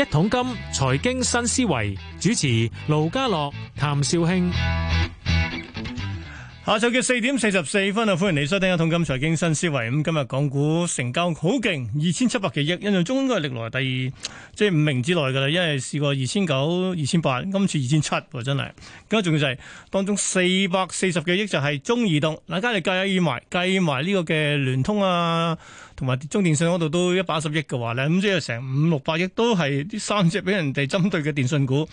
一桶金財經新思維主持盧家樂、譚紹興，下晝嘅四點四十四分啊！歡迎你收聽一桶金財經新思維。咁今日港股成交好勁，二千七百幾億，印象中應該係歷來第二，即係五名之內噶啦。因為試過二千九、二千八，今次二千七，真係。咁家仲要就係當中四百四十幾億就係中移動。嗱，家嚟計埋，計埋呢個嘅聯通啊。同埋中電信嗰度都一百一十億嘅話咧，咁、嗯、即係成五六百億都係啲三隻俾人哋針對嘅電信股，咁、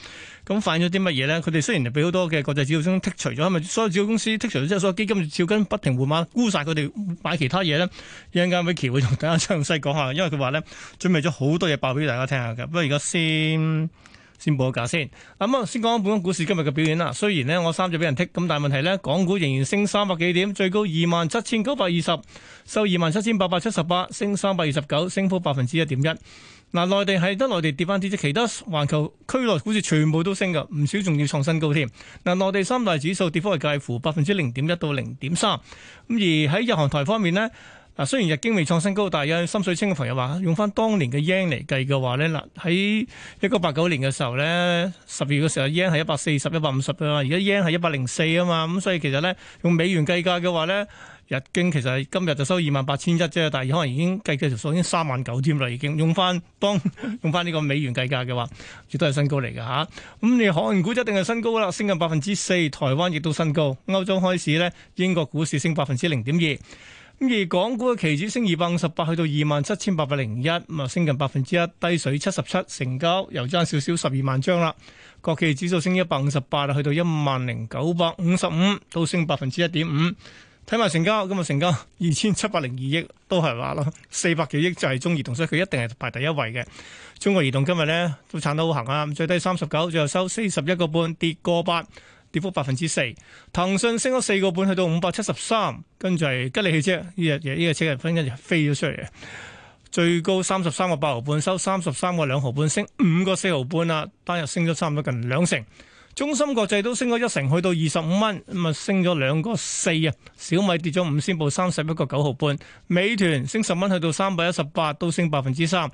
嗯、反映咗啲乜嘢咧？佢哋雖然就俾好多嘅國際指數商剔除咗，係咪？所有指數公司剔除咗之後，所有基金照跟不停換馬沽晒佢哋買其他嘢咧。一陣間 Vicky 會同大家詳細講下，因為佢話咧準備咗好多嘢爆俾大家聽下嘅。不過而家先。先報個價先。咁啊，先講下本港股市今日嘅表現啦。雖然呢，我三隻俾人剔，咁但係問題呢，港股仍然升三百幾點，最高二萬七千九百二十，收二萬七千八百七十八，升三百二十九，升幅百分之一點一。嗱，內地係得內地跌翻啲，即其他環球區內股市全部都升噶，唔少仲要創新高添。嗱，內地三大指數跌幅係介乎百分之零點一到零點三。咁而喺日韓台方面呢。啊，雖然日經未創新高，但係有深水清嘅朋友話，用翻當年嘅 yen 嚟計嘅話咧，嗱喺一九八九年嘅時候咧，十二月嘅時候 yen 係一百四十一百五十啊嘛，而家 yen 係一百零四啊嘛，咁所以其實咧用美元計價嘅話咧，日經其實今日就收二萬八千一啫，但係可能已經計嘅數已經三萬九添啦，已經用翻當用翻呢個美元計價嘅話，亦都係新高嚟嘅嚇。咁、啊、你、嗯、韓國股一定係新高啦，升近百分之四，台灣亦都新高，歐洲開市咧，英國股市升百分之零點二。而港股嘅期指升二百五十八，去到二萬七千八百零一，咁啊升近百分之一，低水七十七，成交又爭少少十二萬張啦。國企指數升一百五十八，啊去到一萬零九百五十五，都升百分之一點五。睇埋成交，今日成交二千七百零二億，都係話咯，四百幾億就係中移動，所以佢一定係排第一位嘅。中國移動今日呢都產得好行啊，最低三十九，最後收四十一個半，跌過八。跌幅百分之四，騰訊升咗四個半，去到五百七十三，跟住係吉利汽車，呢日呢個車嘅分，跟住飛咗出嚟，最高三十三個八毫半，收三十三個兩毫半，升五個四毫半啦，單日升咗差唔多近兩成。中心國際都升咗一成，去到二十五蚊，咁啊升咗兩個四啊！小米跌咗五仙，報三十一個九毫半。美團升十蚊，去到三百一十八，都升百分之三。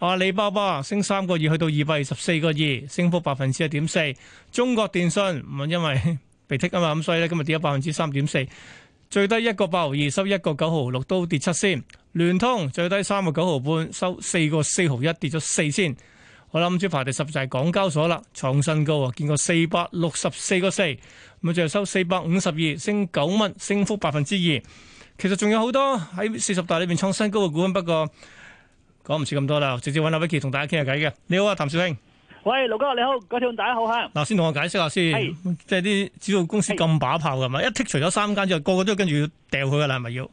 阿里巴巴升三個二，去到二百二十四個二，升幅百分之一點四。中國電信唔係因為被剔啊嘛，咁所以咧今日跌咗百分之三點四。最低一個八毫二，收一個九毫六，都跌七先。聯通最低三個九毫半，收四個四毫一，跌咗四先。好啦，今朝排第十就係港交所啦，創新高啊，見過四百六十四個四，咁啊，就係收四百五十二，升九蚊，升幅百分之二。其實仲有好多喺四十大裏邊創新高嘅股份，不過講唔似咁多啦，我直接揾阿 Vicky 同大家傾下偈嘅。你好啊，譚紹興。喂，盧哥你好，嗰條大家好啊。嗱，先同我解釋下先，是即係啲指數公司咁把炮噶嘛，是一剔除咗三間之後，個個都跟住掉佢噶啦，係咪要？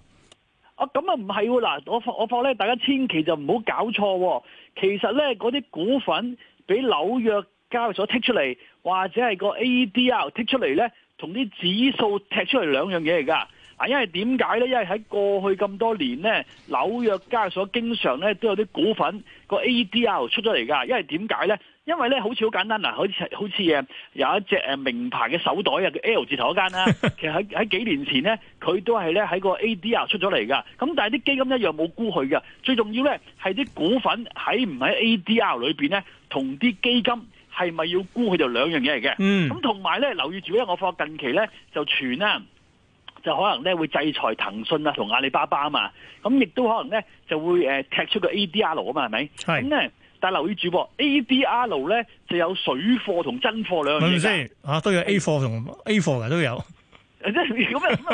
啊，咁啊唔係喎，嗱，我我放咧，大家千祈就唔好搞錯喎、啊。其實咧，嗰啲股份俾紐約交易所剔出嚟，或者係個 ADR 剔出嚟咧，同啲指數踢出嚟兩樣嘢嚟噶。啊，因為點解咧？因為喺過去咁多年咧，紐約交易所經常咧都有啲股份個 A D R 出咗嚟噶。因為點解咧？因為咧，好似好簡單嗱，好似好似誒有一隻誒名牌嘅手袋啊，叫 L 字頭嗰間啦。其實喺喺幾年前咧，佢都係咧喺個 A D R 出咗嚟噶。咁但係啲基金一樣冇沽佢嘅。最重要咧係啲股份喺唔喺 A D R 裏邊咧，同啲基金係咪要沽佢就兩樣嘢嚟嘅。嗯。咁同埋咧，留意住咧，我發近期咧就全啦、啊。就可能咧會制裁騰訊啊同阿里巴巴啊嘛，咁亦都可能咧就會誒踢出個 ADR 啊嘛，係咪是？係，咁咧，但留意住喎，ADR 咧就有水貨同真貨兩樣嘢，係咪先？加啊，都有 A 貨同 A 貨嘅都有。即係咁啊，咁啊，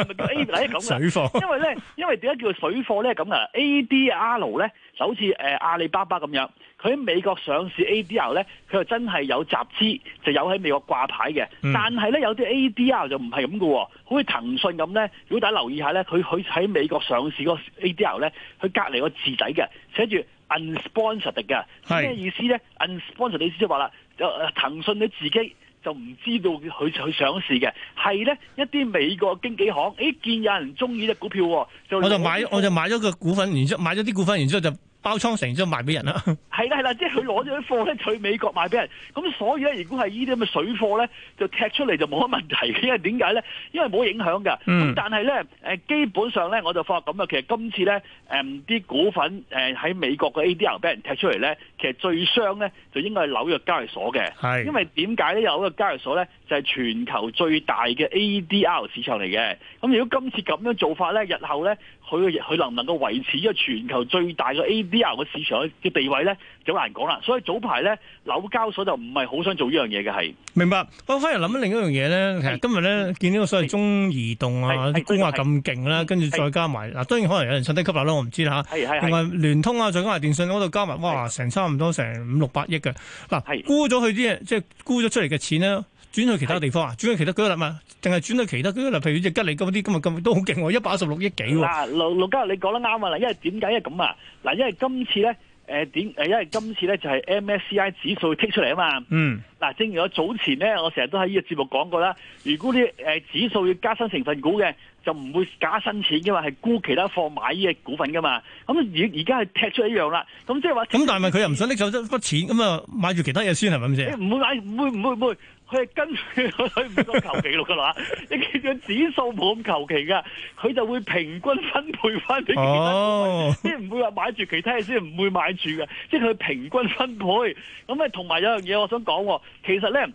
唔係叫 A，係咁嘅。水貨 因。因為咧，因為點解叫水貨咧？咁啊 A D R 咧，就好似誒阿里巴巴咁樣，佢喺美國上市 A D R 咧，佢又真係有集資，就有喺美國掛牌嘅。但係咧，有啲 A D R 就唔係咁嘅喎，好似騰訊咁咧。如果大家留意下咧，佢佢喺美國上市個 A D R 咧，佢隔離個字底嘅，寫住 unsponsored 嘅，咩意思咧？unsponsored 意思就話啦、呃，騰訊你自己。就唔知道佢想去上市嘅，係咧一啲美國經紀行，哎、欸、見有人中意隻股票，我就買，就買我就買咗個股份，然之後買咗啲股份，然之後就包倉成，之後賣俾人啦。係啦係啦，即係佢攞咗啲貨咧，去美國賣俾人。咁所以咧，如果係呢啲咁嘅水貨咧，就踢出嚟就冇乜問題。因為點解咧？因為冇影響嘅。咁、嗯、但係咧，誒基本上咧，我就發覺咁啊，其實今次咧，誒、嗯、啲股份誒喺美國嘅 ADR 俾人踢出嚟咧。其實最傷咧，就應該係紐約交易所嘅。是因為點解咧？紐約交易所咧，就係、是、全球最大嘅 ADR 市場嚟嘅。咁如果今次咁樣做法咧，日後咧，佢佢能唔能夠維持一個全球最大嘅 ADR 嘅市場嘅地位咧？就好難講啦，所以早排咧，紐交所就唔係好想做呢樣嘢嘅，係。明白，我反而諗緊另一樣嘢咧。其實今日咧見到所謂中移動啊，啲沽壓咁勁啦，跟住再加埋嗱，當然可能有人趁低吸納啦，我唔知啦嚇。係係。同埋聯通啊，再加埋電信嗰度加埋，哇，成差唔多成五六百億嘅嗱，沽咗佢啲即係沽咗出嚟嘅錢啦，轉去其他地方啊，轉去其他嗰啲物，定係轉去其他嗰啲，譬如即吉利咁啲，今日今日都好勁喎，一百一十六億幾喎。嗱，陸家，你講得啱啊嗱，因為點解因為咁啊？嗱，因為今次咧。誒點誒，因為今次咧就係 MSCI 指數剔出嚟啊嘛，嗱、嗯、正如我早前咧，我成日都喺呢個節目講過啦，如果啲誒指數要加新成分股嘅，就唔會加新錢因為嘛，係沽其他貨買呢隻股份噶嘛。咁而而家係踢出樣、嗯、一樣啦。咁即係話咁，但係佢又唔想拎走咗筆錢，咁啊買住其他嘢先係咪先？唔會、嗯、買，唔會唔會唔會，佢係跟佢唔講求其率噶啦。 你個指數冇咁求其噶，佢就會平均分配翻俾其他哦、oh.，即係唔會話買住其他嘢先，唔會買住嘅。即係佢平均分配。咁、嗯、啊，同埋有樣嘢我想講，其實咧。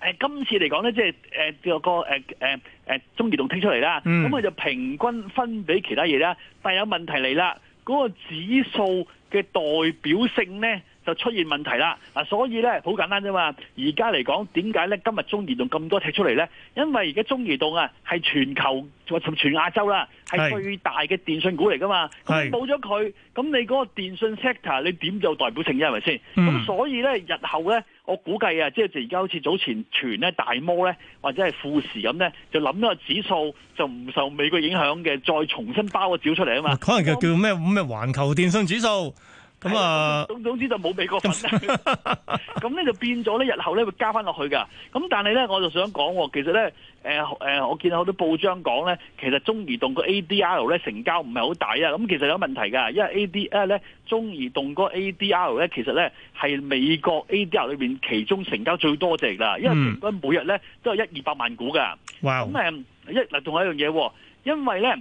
誒，今次嚟講咧，即係誒、呃這個誒誒誒中移動踢出嚟啦，咁佢、嗯、就平均分俾其他嘢啦。但係有問題嚟啦，嗰、那個指數嘅代表性咧就出現問題啦。嗱，所以咧好簡單啫嘛。而家嚟講，點解咧今日中移動咁多踢出嚟咧？因為而家中移動啊係全球同全亞洲啦，係最大嘅電信股嚟噶嘛。咁是冇咗佢，咁是你嗰個電信 sector 你點有代表性嘅？係咪先？咁所以咧，日後咧。我估計啊，即係而家好似早前傳咧、大摩咧，或者係富時咁咧，就諗一個指數就唔受美國影響嘅，再重新包個招出嚟啊嘛。可能叫叫咩咩環球電信指數。咁啊、嗯，總總之就冇美國份啦。咁咧就變咗咧，日後咧會加翻落去噶。咁但係咧，我就想講，其實咧，誒、呃、誒，我見到好多報章講咧，其實中移動個 ADR 咧成交唔係好大啊。咁其實有問題噶，因為 ADR 咧，中移動嗰個 ADR 咧，其實咧係美國 ADR 裏邊其中成交最多隻啦，因為平均每日咧都係一二百萬股噶。咁誒哇，一嗱，仲有一樣嘢，因為咧。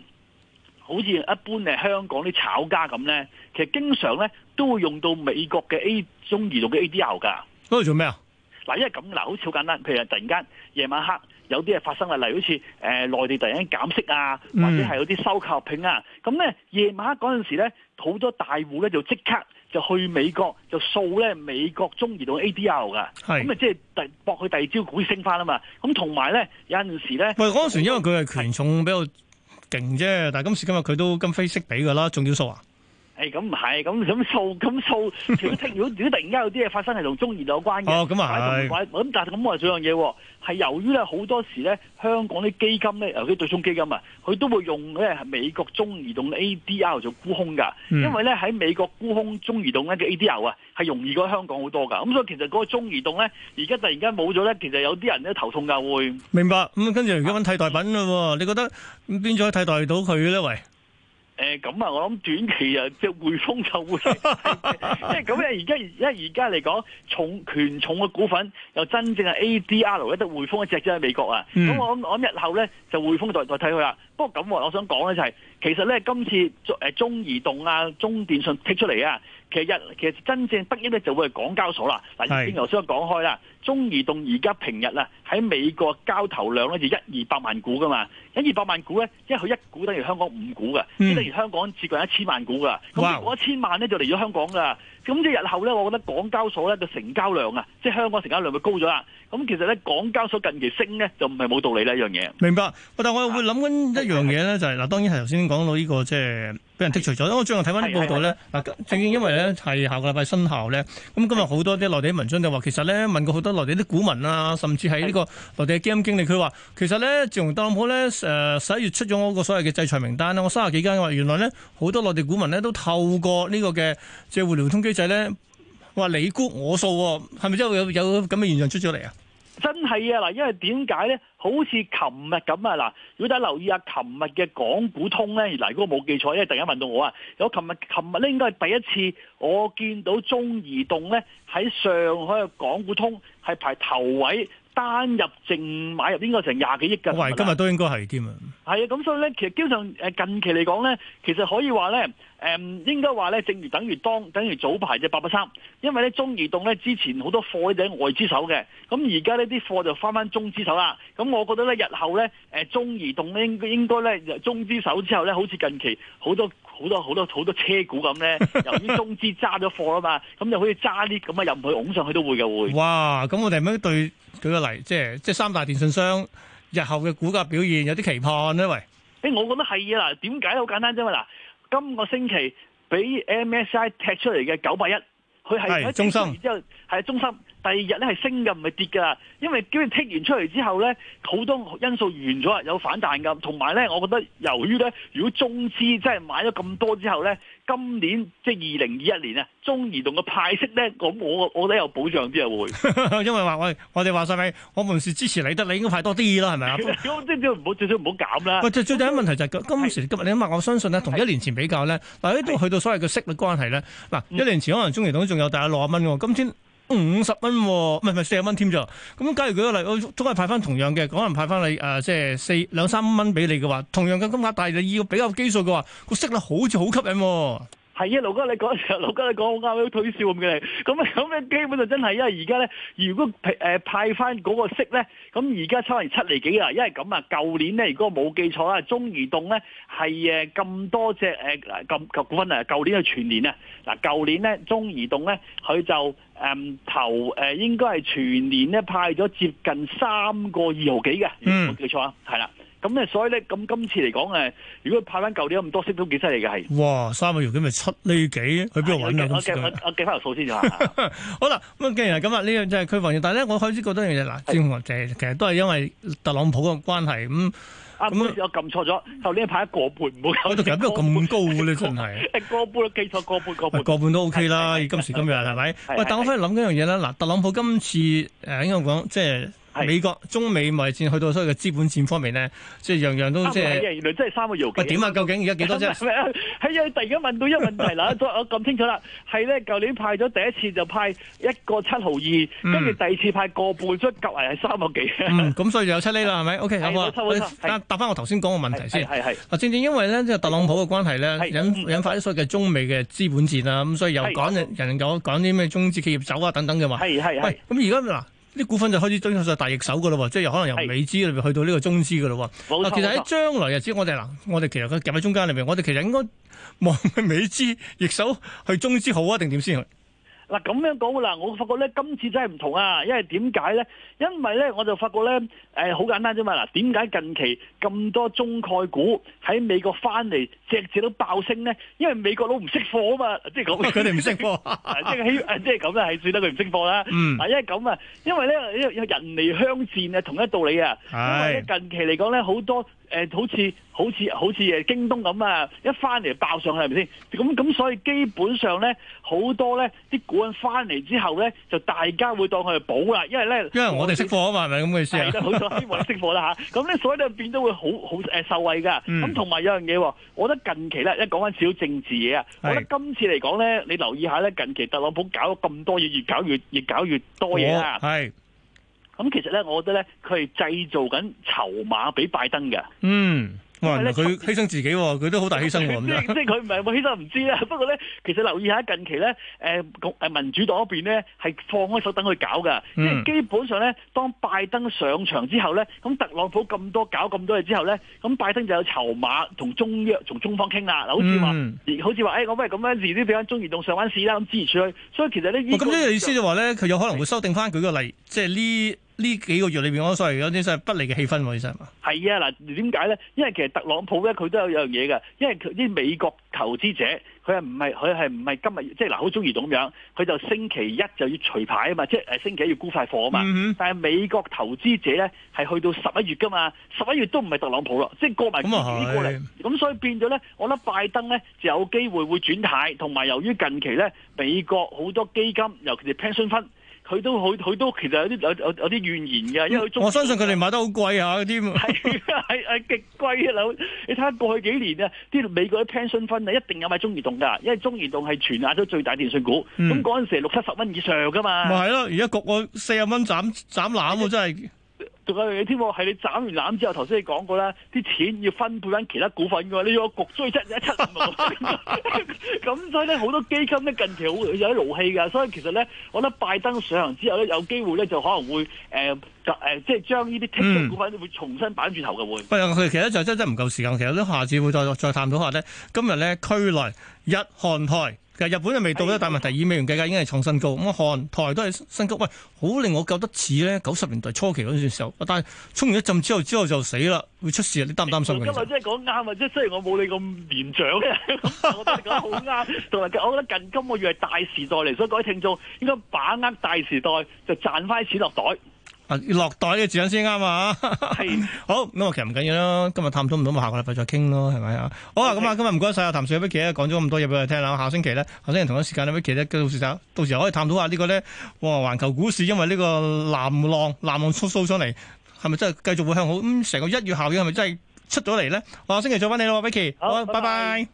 好似一般誒香港啲炒家咁咧，其實經常咧都會用到美國嘅 A 中移動嘅 ADR 噶。嗰度、哦、做咩啊？嗱，因為咁嗱，好似好簡單。譬如突然間夜晚黑有啲嘢發生啦，例如好似誒內地突然間減息啊，或者係有啲收購併啊。咁咧夜晚黑嗰陣時咧，好多大戶咧就即刻就去美國就掃咧美國中移動 ADR 噶。係是。咁啊，即係第搏佢第二朝股升返啊嘛。咁同埋咧有陣時咧，喂，嗰時因為佢係權重比較。勁啫，但係今時今日佢都今非昔比噶啦，仲要數啊！誒，咁唔係，咁咁掃咁掃，如果 如果突然間有啲嘢發生係同中移動有關嘅，咁啊、哦，咁但係咁我話仲有樣嘢，係由於咧好多時咧香港啲基金咧，尤其是對沖基金啊，佢都會用咧美國中移動 A D R 做沽空噶，嗯、因為咧喺美國沽空中移動嘅 A D R 啊，係容易過香港好多噶，咁所以其實嗰個中移動咧而家突然間冇咗咧，其實有啲人咧頭痛噶會。明白，咁跟住而家揾替代品啦，你覺得邊種可以替代到佢咧？喂？誒，咁啊、呃，我諗短期啊，即匯豐就會，即咁啊，而家因為而家嚟講重權重嘅股份，又真正係 ADR 咧，得匯豐一隻即喺美國啊。咁、嗯、我我諗日後咧，就匯豐再再睇佢啦。不過咁，我想講咧就係、是，其實咧今次誒、呃、中移動啊、中電信剔出嚟啊。其實其實真正得益咧，就會係港交所啦。嗱，頭先頭先我講開啦。中移動而家平日啊，喺美國交投量咧就一二百萬股噶嘛。一二百萬股咧，即係佢一股等於香港五股嘅，即係等於香港接近一千萬股噶。咁、嗯、如果一千萬咧，就嚟咗香港噶。咁哇即係日後咧，我覺得港交所咧嘅成交量啊，即係香港成交量咪高咗啦。咁其實咧，港交所近期升咧，就唔係冇道理呢一、嗯、樣嘢。明白。但我又會諗緊一樣嘢咧，就係嗱，嗯、當然係頭先講到呢、這個即係。俾人剔除咗，因為最近睇翻啲報道咧，嗱，正正因為咧係下個禮拜生效咧，咁今日好多啲內地嘅文章就話，其實咧問過好多內地啲股民啊，甚至係呢個內地嘅基金經理，佢話其實咧自從特朗普咧誒十一月出咗我個所謂嘅制裁名單咧，我三十幾間話原來咧好多內地股民咧都透過呢個嘅借係互聯通機制咧，話你估我數喎、哦，係咪真係會有有咁嘅現象出咗嚟啊？真係啊！嗱，因為點解咧？好似琴日咁啊！嗱，如果大家留意下琴日嘅港股通咧，嗱，如果冇記錯，因為突然間問到我啊，我琴日，琴日咧，應該係第一次我見到中移動咧喺上海嘅港股通係排頭位。單入淨買入應該成廿幾億㗎，喂，今日都應該係添啊！係啊，咁所以咧，其實基本上近期嚟講咧，其實可以話咧，誒、呃、應該話咧，正如等於當等於早排隻八八三，因為咧中移動咧之前好多貨咧就係外資手嘅，咁而家呢啲貨就翻翻中資手啦。咁我覺得咧，日後咧誒中移動咧應應該咧中資手之後咧，好似近期好多。好多好多好多車股咁咧，由於中資揸咗貨啊嘛，咁 就可以揸啲咁啊入去拱上去都會嘅會。哇！咁我哋係咪對舉個例，即係即係三大電信商日後嘅股價表現有啲期盼咧喂。誒、欸，我覺得係啊嗱，點解好簡單啫嗱，今個星期俾 MSI 踢出嚟嘅九百一。佢係喺跌完之後係中心，第二日咧係升嘅，唔係跌噶，因為叫你剔完出嚟之後咧，好多因素完咗，有反彈噶，同埋咧，我覺得由於咧，如果中資即係買咗咁多之後咧。今年即係二零二一年啊，中移動嘅派息咧，咁我我都有保障啲啊，會， 因為話喂，我哋話晒咪，我們是支持你得，你應該派多啲啦，係咪啊？咁至少唔好，至少唔好減啦。喂，最最大問題就係、是、今時今日，嗯、你諗下，我相信咧，同一年前比較咧，嗱，呢度去到所謂嘅息率關係咧，嗱，一年前可能中移動仲有大約六十蚊嘅，今天。五十蚊，唔係唔係四十蚊添咋？咁假如佢個例，我終係派翻同樣嘅，可能派翻你誒，即、呃、係四兩三蚊俾你嘅話，同樣嘅金額，但係你要比較基數嘅話，個息率好似好吸引、哦。係啊，陸哥你講嘅時候，陸哥你講好啱，好推銷咁嘅，咁啊咁啊，基本就真係，因為而家咧，如果誒、呃、派翻嗰個息咧，咁而家差唔多七厘幾啊，因為咁啊，舊年咧，如果冇記錯啊，中移動咧係誒咁多隻誒咁及分啊，舊、呃、年係全年啊，嗱舊年咧中移動咧佢就誒頭誒應該係全年咧派咗接近三個二毫幾嘅，冇、嗯、記錯啊，係啦。咁咧，所以咧，咁今次嚟講誒，如果派翻舊年咁多息，都幾犀利嘅，係。哇！三個月咁咪七厘幾？去邊度揾㗎？我計翻條數先好啦，咁既然係咁啦，呢樣就係區房業，但係咧，我開始覺得一樣嘢，嗱，資本弱者其實都係因為特朗普嘅關係咁。啊！我有撳錯咗，後年派一個半，唔好搞到其實邊度咁高咧，真係。一個半都記錯，個半個半個半都 OK 啦，今時今日係咪？喂，但我反而諗一樣嘢啦，嗱，特朗普今次誒應該講即係。美國中美貿易戰去到所謂嘅資本戰方面呢，即係樣樣都即係原來真係三個億。點啊？究竟而家幾多啫？係啊！突然間問到一個問題啦，我我咁清楚啦，係咧，舊年派咗第一次就派一個七毫二，跟住第二次派個半樽，夾埋係三個幾。咁所以就有七釐啦，係咪？O K，好啊。答翻我頭先講嘅問題先。正正因為呢，即係特朗普嘅關係呢，引引發咗所謂嘅中美嘅資本戰啊，咁所以又講人講講啲咩中資企業走啊等等嘅話。係係係。咁而家嗱。啲股份就開始追上曬大逆手嘅咯喎，即係又可能由美資裏邊去到呢個中資嘅咯喎。嗱，其實喺將來日子，我哋嗱，我哋其實佢夾喺中間裏邊，我哋其實應該望去美資逆手去中資好啊，定點先？嗱咁樣講嘅嗱，我發覺咧今次真係唔同啊，因為點解咧？因為咧我就發覺咧，誒、呃、好簡單啫嘛嗱，點解近期咁多中概股喺美國翻嚟？直接都爆升咧，因為美國佬唔識貨啊嘛，即係講佢哋唔識貨，即係起，即係咁啦，係算得佢唔識貨啦。嗯，因為咁啊，因為咧，因為人嚟鄉戰啊，同一道理啊。係。咁近期嚟講咧，好多誒，好似好似好似誒，京東咁啊，一翻嚟爆上去係咪先？咁咁，所以基本上咧，好多咧啲股人翻嚟之後咧，就大家會當佢係寶啦，因為咧，因為我哋識貨啊嘛，係咪咁嘅意思啊？係啦，好在啲人識貨啦吓。咁咧，所以咧變都會好好誒受惠㗎。嗯。咁同埋有樣嘢，我覺得。近期咧，一講緊少政治嘢啊，是我覺得今次嚟講咧，你留意下咧，近期特朗普搞咗咁多嘢，越搞越，越搞越多嘢啊。係、哦，咁其實咧，我覺得咧，佢係製造緊籌碼俾拜登嘅。嗯。佢犧牲自己，佢都好大犧牲喎。即即佢唔係冇犧牲唔知啦。不過咧，其實留意下近期咧，誒、呃、誒民主黨嗰邊咧係放開手等佢搞噶。即、嗯、基本上咧，當拜登上場之後咧，咁特朗普咁多搞咁多嘢之後咧，咁拜登就有籌碼同中約，同中方傾啦。好似話，嗯、好似話，誒、欸，我不如咁樣自，而啲比較中移動上翻市啦，咁支持佢。所以其實呢，咁、嗯、呢個、嗯嗯、意思就話咧，佢有可能會修訂翻。舉個例，即、就、呢、是。呢幾個月裏邊，我所以有啲真係不利嘅氣氛，其實係嘛？係啊，嗱點解咧？因為其實特朗普咧，佢都有樣嘢嘅，因為啲美國投資者佢係唔係佢係唔係今日即係嗱好中意咁樣，佢就星期一就要除牌啊嘛，即係星期一要沽塊貨啊嘛。嗯、哼但係美國投資者咧係去到十一月㗎嘛，十一月都唔係特朗普咯，即係過埋幾年先過嚟。咁所以變咗咧，我覺得拜登咧就有機會會轉態，同埋由於近期咧美國好多基金，尤其是 pension fund。佢都好佢都其實有啲有有有啲怨言嘅，因為中、嗯、我相信佢哋買得好貴啊！嗰啲係係係極貴樓，你睇下過去幾年啊，啲美國啲 pension fund 啊一定有買中移動㗎，因為中移動係全亞洲最大電信股，咁嗰陣時六七十蚊以上㗎嘛。咪係咯，而家焗我四十蚊斬斬攬喎，斬斬真係。仲有嘢添喎，係你斬完攬之後，頭先你講過啦，啲錢要分配緊其他股份嘅，你要焗追一一七，咁所以咧好多基金咧近期會有啲勞氣嘅，所以其實咧，我覺得拜登上行之後咧，有機會咧就可能會誒誒、呃呃呃，即係將呢啲剔除股份會重新擺住頭嘅會。唔係啊，佢其實就真真唔夠時間，其實都下次會再再探討下咧，今日咧區內。日韓台其實日本就未到呢。但問題以美元計價已經係創新高，咁啊韓台都係新高，喂，好令我覺得似咧九十年代初期嗰段時候，但衝完一陣之後之後就死啦，會出事，你擔唔擔心？今日、嗯、真係講啱啊！即係雖然我冇你咁年長咧， 我覺得你講得好啱，同埋 我覺得近今個月係大時代嚟，所以各位聽眾應該把握大時代就賺翻錢落袋。要啊，落袋呢個字眼先啱啊！係是的 好，咁我其實唔緊要緊咯。今日探討唔到，咪下個禮拜再傾咯，係咪啊？好啊，咁啊 Okay.，今日唔該晒啊，譚紹興啊，講咗咁多嘢俾我聽啦。下星期咧，下星期同一時間咧，Vicky 咧，跟住到時啊，到時可以探討下呢、這個咧。哇，環球股市因為呢個南浪南浪出蘇上嚟，係咪真係繼續會向好？咁、嗯、成個一月效應係咪真係出咗嚟咧？我下星期再翻你咯，Vicky 好，拜拜。